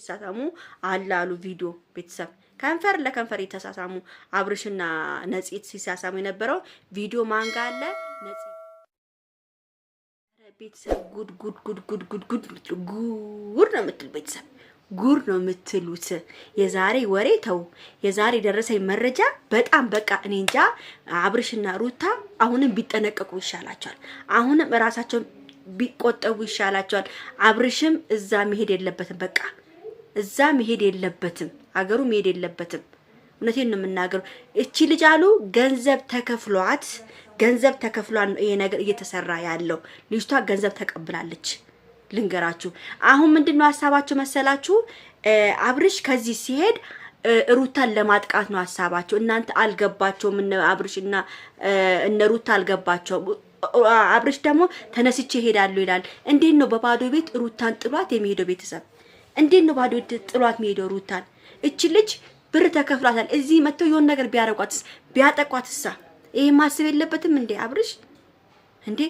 የተሳሳሙ አላሉ ቪዲዮ ቤተሰብ ከንፈር ለከንፈር የተሳሳሙ አብርሽና ነፂት ሲሳሳሙ የነበረው ቪዲዮ ማንጋ አለ ነፂት ቤተሰብ ጉድ ጉድ ጉድ ጉድ ጉድ ጉድ ጉድ ነው የምትሉ ቤተሰብ ጉድ ነው የምትሉት። የዛሬ ወሬ ተው። የዛሬ ደረሰኝ መረጃ በጣም በቃ እኔ እንጃ። አብርሽና ሩታ አሁንም ቢጠነቀቁ ይሻላቸዋል። አሁንም እራሳቸውን ቢቆጠቡ ይሻላቸዋል። አብርሽም እዛ መሄድ የለበትም በቃ እዛ መሄድ የለበትም፣ አገሩ መሄድ የለበትም። እውነቴን ነው የምናገረው። እቺ ልጅ አሉ ገንዘብ ተከፍሏት ገንዘብ ነው ይሄ ነገር እየተሰራ ያለው ልጅቷ ገንዘብ ተቀብላለች። ልንገራችሁ አሁን ምንድን ነው ሀሳባቸው መሰላችሁ? አብርሽ ከዚህ ሲሄድ ሩታን ለማጥቃት ነው ሀሳባቸው። እናንተ አልገባቸውም። እነ አብርሽ እና እነ ሩታ አልገባቸውም። አብርሽ ደግሞ ተነስቼ ሄዳለሁ ይላል። እንዴት ነው በባዶ ቤት ሩታን ጥሏት የሚሄደው ቤተሰብ እንዴት ነው ባዶ ጥሏት የሚሄደው? ሩታን እች ልጅ ብር ተከፍሏታል። እዚህ መጥተው የሆነ ነገር ቢያረቋትስ ቢያጠቋትሳ? ይሄ ማሰብ የለበትም እንዴ? አብርሽ እንዴ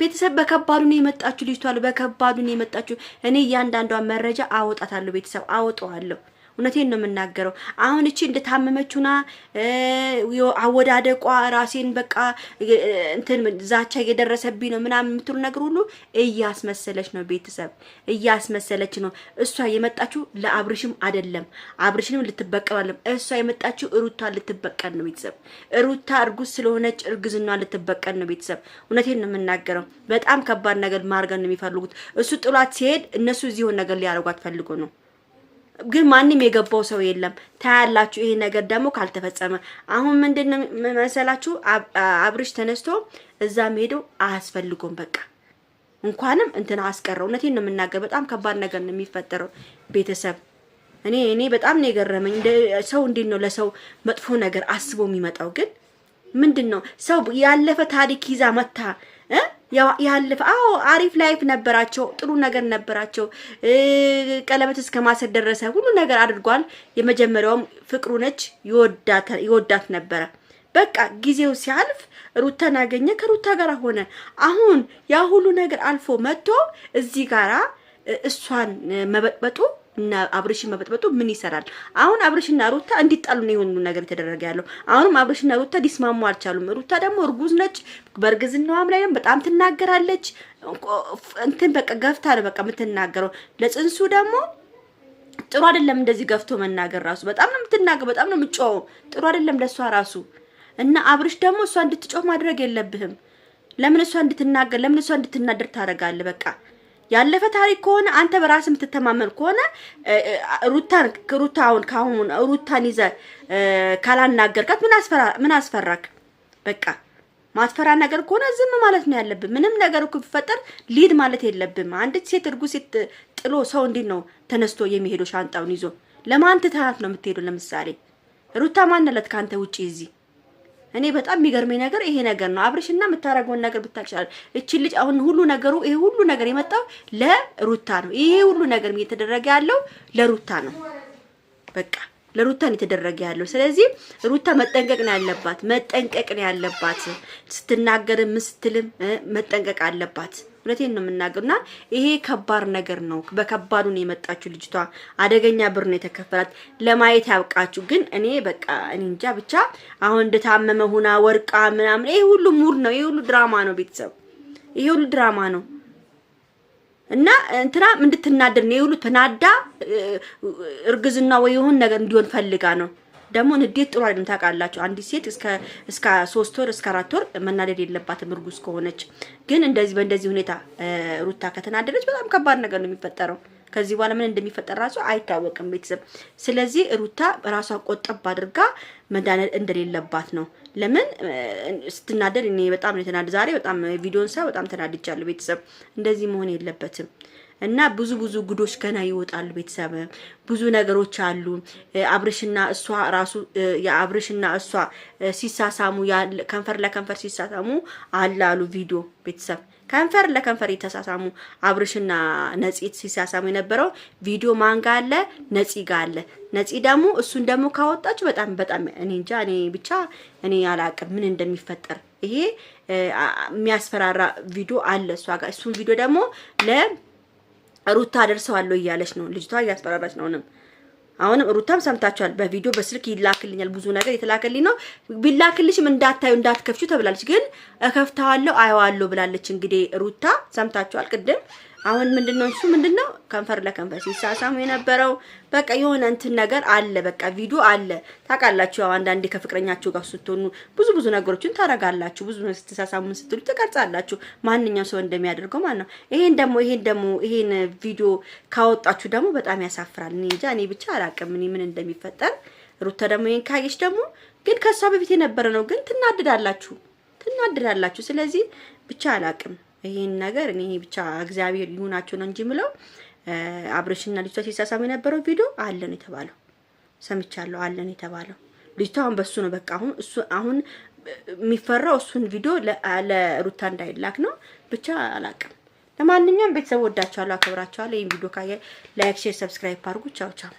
ቤተሰብ በከባዱ ነው የመጣችሁ ልጅቷ በከባዱ ነው የመጣችሁ። እኔ እያንዳንዷን መረጃ አወጣታለሁ። ቤተሰብ አወጣዋለሁ። እውነቴን ነው የምናገረው። አሁን እቺ እንደታመመችና አወዳደቋ ራሴን በቃ እንትን ዛቻ እየደረሰብኝ ነው ምናምን የምትሉ ነገር ሁሉ እያስመሰለች ነው፣ ቤተሰብ እያስመሰለች ነው። እሷ የመጣችው ለአብርሽም አይደለም፣ አብርሽንም ልትበቀል እሷ የመጣችው ሩታ ልትበቀል ነው ቤተሰብ። ሩታ እርጉዝ ስለሆነች እርግዝና ልትበቀል ነው ቤተሰብ። እውነቴን ነው የምናገረው። በጣም ከባድ ነገር ማርገን ነው የሚፈልጉት። እሱ ጥሏት ሲሄድ እነሱ ሆን ነገር ሊያደርጓት ፈልጎ ነው። ግን ማንም የገባው ሰው የለም። ታያላችሁ። ይሄ ነገር ደግሞ ካልተፈጸመ አሁን ምንድን መሰላችሁ አብርሽ ተነስቶ እዛም ሄዶ አያስፈልጎም በቃ እንኳንም እንትን አስቀረው። እውነቴን ነው የምናገር። በጣም ከባድ ነገር ነው የሚፈጠረው። ቤተሰብ እኔ እኔ በጣም ነው የገረመኝ። ሰው እንዴት ነው ለሰው መጥፎ ነገር አስቦ የሚመጣው? ግን ምንድን ነው ሰው ያለፈ ታሪክ ይዛ መታ ያለፈ አዎ አሪፍ ላይፍ ነበራቸው፣ ጥሩ ነገር ነበራቸው። ቀለበት እስከ ማሰር ደረሰ፣ ሁሉ ነገር አድርጓል። የመጀመሪያውም ፍቅሩ ነች፣ ይወዳት ነበረ። በቃ ጊዜው ሲያልፍ ሩታን አገኘ፣ ከሩታ ጋር ሆነ። አሁን ያ ሁሉ ነገር አልፎ መጥቶ እዚህ ጋራ እሷን መበጥበጡ አብርሽን መበጥበጡ ምን ይሰራል? አሁን አብርሽና ሩታ እንዲጣሉ ነው የሆኑ ነገር የተደረገ ያለው። አሁንም አብርሽና ሩታ ሊስማሙ አልቻሉም። ሩታ ደግሞ እርጉዝ ነች። በእርግዝናዋም ላይ በጣም ትናገራለች። እንትን በቃ ገፍታ ነው በቃ የምትናገረው። ለጽንሱ ደግሞ ጥሩ አይደለም እንደዚህ ገፍቶ መናገር ራሱ። በጣም ነው የምትናገር፣ በጣም ነው የምትጮው። ጥሩ አይደለም ለእሷ ራሱ እና አብርሽ ደግሞ እሷ እንድትጮህ ማድረግ የለብህም። ለምን እሷ እንድትናገር፣ ለምን እሷ እንድትናደር ታደርጋለህ? በቃ ያለፈ ታሪክ ከሆነ አንተ በራስ የምትተማመን ከሆነ ሩታን ሩታውን ካሁን ሩታን ይዘ ካላናገርካት ምን አስፈራ ምን አስፈራክ? በቃ ማትፈራ ነገር ከሆነ ዝም ማለት ነው ያለብን። ምንም ነገር እኮ ቢፈጠር ሊድ ማለት የለብም። አንዲት ሴት እርጉዝ ሴት ጥሎ ሰው እንዴት ነው ተነስቶ የሚሄደው? ሻንጣውን ይዞ ለማን ትተናት ነው የምትሄደው? ለምሳሌ ሩታ ማን አለት ከአንተ ውጪ እዚህ እኔ በጣም የሚገርመኝ ነገር ይሄ ነገር ነው። አብርሽና የምታደርገውን ነገር ብታችላል። እቺ ልጅ አሁን ሁሉ ነገሩ ይሄ ሁሉ ነገር የመጣው ለሩታ ነው። ይሄ ሁሉ ነገር እየተደረገ ያለው ለሩታ ነው። በቃ ለሩታን የተደረገ ያለው። ስለዚህ ሩታ መጠንቀቅ ነው ያለባት፣ መጠንቀቅ ነው ያለባት። ስትናገርም ስትልም መጠንቀቅ አለባት። እውነቴን ነው የምናገሩና ይሄ ከባድ ነገር ነው። በከባዱ ነው ልጅቷ። አደገኛ ብር ነው የተከፈላት። ለማየት ያብቃችሁ። ግን እኔ በቃ እኔ እንጃ ብቻ አሁን እንደታመመ ሁና ወርቃ ምናምን፣ ይሄ ሁሉ ሙድ ነው፣ ይሄ ሁሉ ድራማ ነው ቤተሰብ፣ ይሄ ሁሉ ድራማ ነው። እና እንትና እንድትናደድ ነው የሁሉ ተናዳ እርግዝና ወይ የሆን ነገር እንዲሆን ፈልጋ ነው። ደግሞ ንዴት ጥሩ አይደለም ታውቃላችሁ። አንዲት ሴት እስከ እስከ ሶስት ወር እስከ አራት ወር መናደድ የለባትም እርጉዝ ከሆነች። ግን እንደዚህ በእንደዚህ ሁኔታ ሩታ ከተናደደች በጣም ከባድ ነገር ነው የሚፈጠረው። ከዚህ በኋላ ምን እንደሚፈጠር ራሱ አይታወቅም ቤተሰብ። ስለዚህ ሩታ ራሷ ቆጠብ አድርጋ መዳነድ እንደሌለባት ነው። ለምን ስትናደድ፣ እኔ በጣም ነው የተናደድ። ዛሬ በጣም ቪዲዮን ሳይ በጣም ተናድጃለሁ ቤተሰብ። እንደዚህ መሆን የለበትም። እና ብዙ ብዙ ጉዶች ገና ይወጣሉ ቤተሰብ። ብዙ ነገሮች አሉ። አብርሽና እሷ ራሱ የአብርሽና እሷ ሲሳሳሙ ከንፈር ለከንፈር ሲሳሳሙ አላሉ ቪዲዮ ቤተሰብ ከንፈር ለከንፈር የተሳሳሙ አብርሽና ነፂ ሲሳሳሙ የነበረው ቪዲዮ ማን ጋ አለ? ነፂ ጋ አለ። ነፂ ደግሞ እሱን ደግሞ ካወጣች በጣም በጣም እኔ እንጃ እኔ ብቻ እኔ አላቅም ምን እንደሚፈጠር ይሄ የሚያስፈራራ ቪዲዮ አለ እሷ ጋር። እሱን ቪዲዮ ደግሞ ለሩታ አደርሰዋለሁ እያለች ነው ልጅቷ እያስፈራራች ነውንም አሁንም ሩታም ሰምታችኋል። በቪዲዮ በስልክ ይላክልኛል ብዙ ነገር የተላከልኝ ነው። ቢላክልሽም እንዳታዩ እንዳትከፍቹ ተብላለች፣ ግን እከፍታዋለሁ አየዋለሁ ብላለች። እንግዲህ ሩታ ሰምታችኋል ቅድም አሁን ምንድነው እሱ ምንድነው ከንፈር ለከንፈር ሲሳሳሙ የነበረው በቃ የሆነ እንትን ነገር አለ፣ በቃ ቪዲዮ አለ። ታውቃላችሁ፣ ያው አንዳንዴ ከፍቅረኛችሁ ጋር ስትሆኑ ብዙ ብዙ ነገሮችን ታረጋላችሁ። ብዙ ስትሳሳሙን ስትሉ ትቀርጻላችሁ፣ ማንኛው ሰው እንደሚያደርገው ማለት ነው። ይሄን ደግሞ ይሄን ደግሞ ይሄን ቪዲዮ ካወጣችሁ ደግሞ በጣም ያሳፍራል። እኔ እንጃ፣ እኔ ብቻ አላቅም እኔ ምን እንደሚፈጠር። ሩተ ደግሞ ይሄን ካየች ደግሞ ግን ከሷ በፊት የነበረ ነው፣ ግን ትናድዳላችሁ፣ ትናድዳላችሁ። ስለዚህ ብቻ አላቅም። ይህን ነገር እኔ ብቻ እግዚአብሔር ይሁናችሁ ነው እንጂ ምለው አብረሽና ልጅቷ ሲሳሳም የነበረው ቪዲዮ አለን የተባለው፣ ሰምቻለሁ። አለን የተባለው። ልጅቷ አሁን በሱ ነው በቃ አሁን እሱ አሁን የሚፈራው እሱን ቪዲዮ ለሩታ እንዳይላክ ነው። ብቻ አላቅም። ለማንኛውም ቤተሰብ ወዳችኋለሁ፣ አከብራችኋለሁ። ይህን ቪዲዮ ካየ ላይክ፣ ሼር፣ ሰብስክራይብ አድርጉ። ቻው ቻው።